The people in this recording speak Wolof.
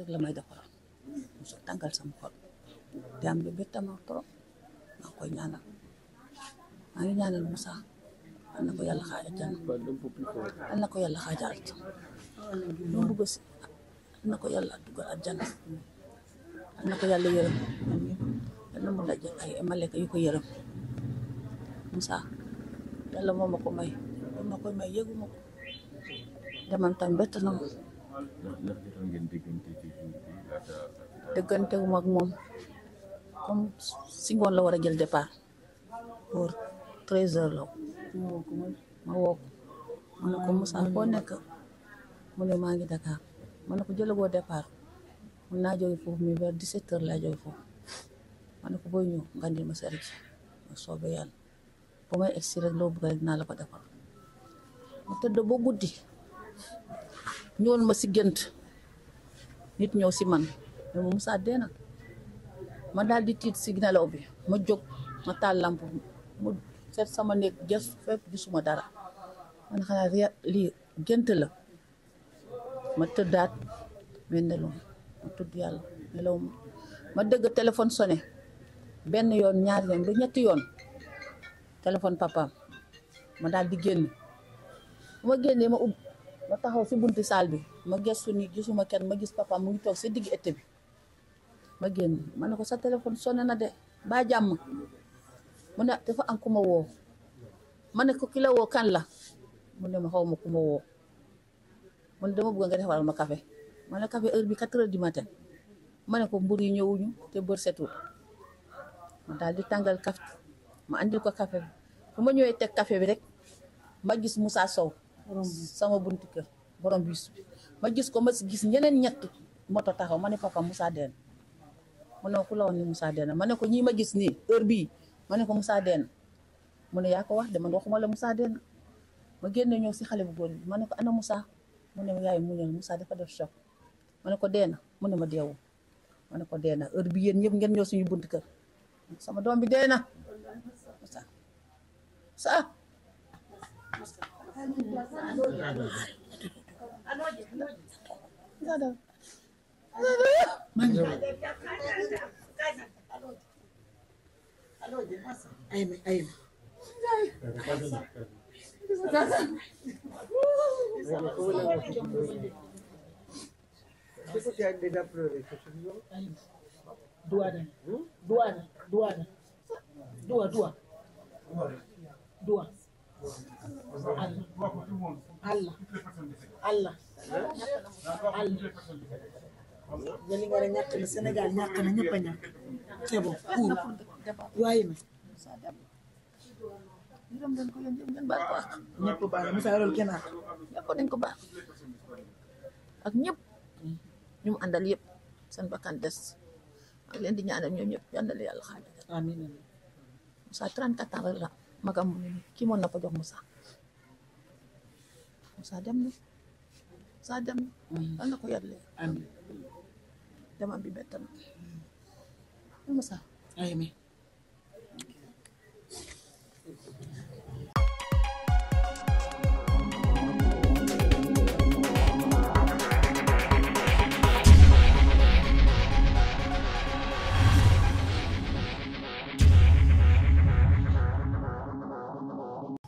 rek la may defaral mu so tàngal sama xol te am lu bett koy ñaanal maa ngi ñaanal Moussa al na ko yàlla xaajal jàmm al na ko yàlla xaajal lu mu bëgg si al na ko yàlla dugal àjjana al na ko yàlla yërëm yàlla mu daj yu ko yërëm Moussa yàlla moo ma ndax ak moom comme si ngoon la war a jël départ pour treize heures la ma woo ko ma woo ko ma ne ko nekk mu ne maa ngi Dakar ma ne ko jëlagoo départ mun naa jóge foofu mi vers dix-sept heures laa foofu ma ne ko booy ñëw nga indil ma sa rici ma soobee yàlla ba may egsi rek loo naa la ko defal ma tëdd ba guddi. ñëwal ma si gént nit ñëw si man mais mu Moussa dee ma daal di tiit si nelaw bi ma jóg ma taal lamp mu seet sama néeg jëf fépp gisuma dara man xanaa lii gént la ma tëddaat mais nelaw ma tudd yàlla nelaw ma dégg téléphone sonné benn yoon ñaari yoon ba ñetti yoon téléphone papaam ma daal di génn ma génnee ma ubbi ba taxaw si buntu saal bi ma gestu ni gisuma kenn ma gis papa mu ngi toog si digg ëtt bi ma génn ma ne ko sa téléphone sonné na de ba jàmm mu ne dafa am ku ma woo ma ne ko kilo la woo kan la mu ne ma xaw ma ku ma woo mu ne dama bëgg nga defaral ma kafe ma ne café heure bi quatre dimate ma ne ko mbur yi ñëwuñu te bër setul daal di tàngal café ma andil ko café bi ma ñëwee teg café bi rek ma gis Moussa Sow sama buntu kër borom bus bi ma gis ko ma si gis ñeneen ñett moto taxaw ma ne papa Moussa Deen mu ne ku la woon ni Moussa Deen ma ne ko ñii ma gis nii heure bii ma ne ko Moussa Deen mu ne yaa ko wax de man waxuma la Moussa Deen ma génne ñëw si xale bu góor bi ma ne ko ana Moussa mu ne yaay mu ne Moussa dafa def choc ma ne ko Deen mu ne ma deewul ma ne ko Deen heure bi yéen ñëpp ngeen ñëw suñu buntu kër sama doom bi Deen Moussa. Você quer me dar para ele? Allah Allah Allah Allah. Allah Allah Allah Allah Allah Sénégal ñàkk na ñëpp a ñàkk c'est bon pour waaye na yërëm dañ ko yéen ngeen baal ko ak ñëpp baal Moussa yorul kenn ak ñëpp dañ ko baal ak ñëpp ñu mu àndal Allah. magam mu ne na ko jox Moussa Moussa dem na Moussa dem na. Mm. na ko yàlla amiin. demam bi bett na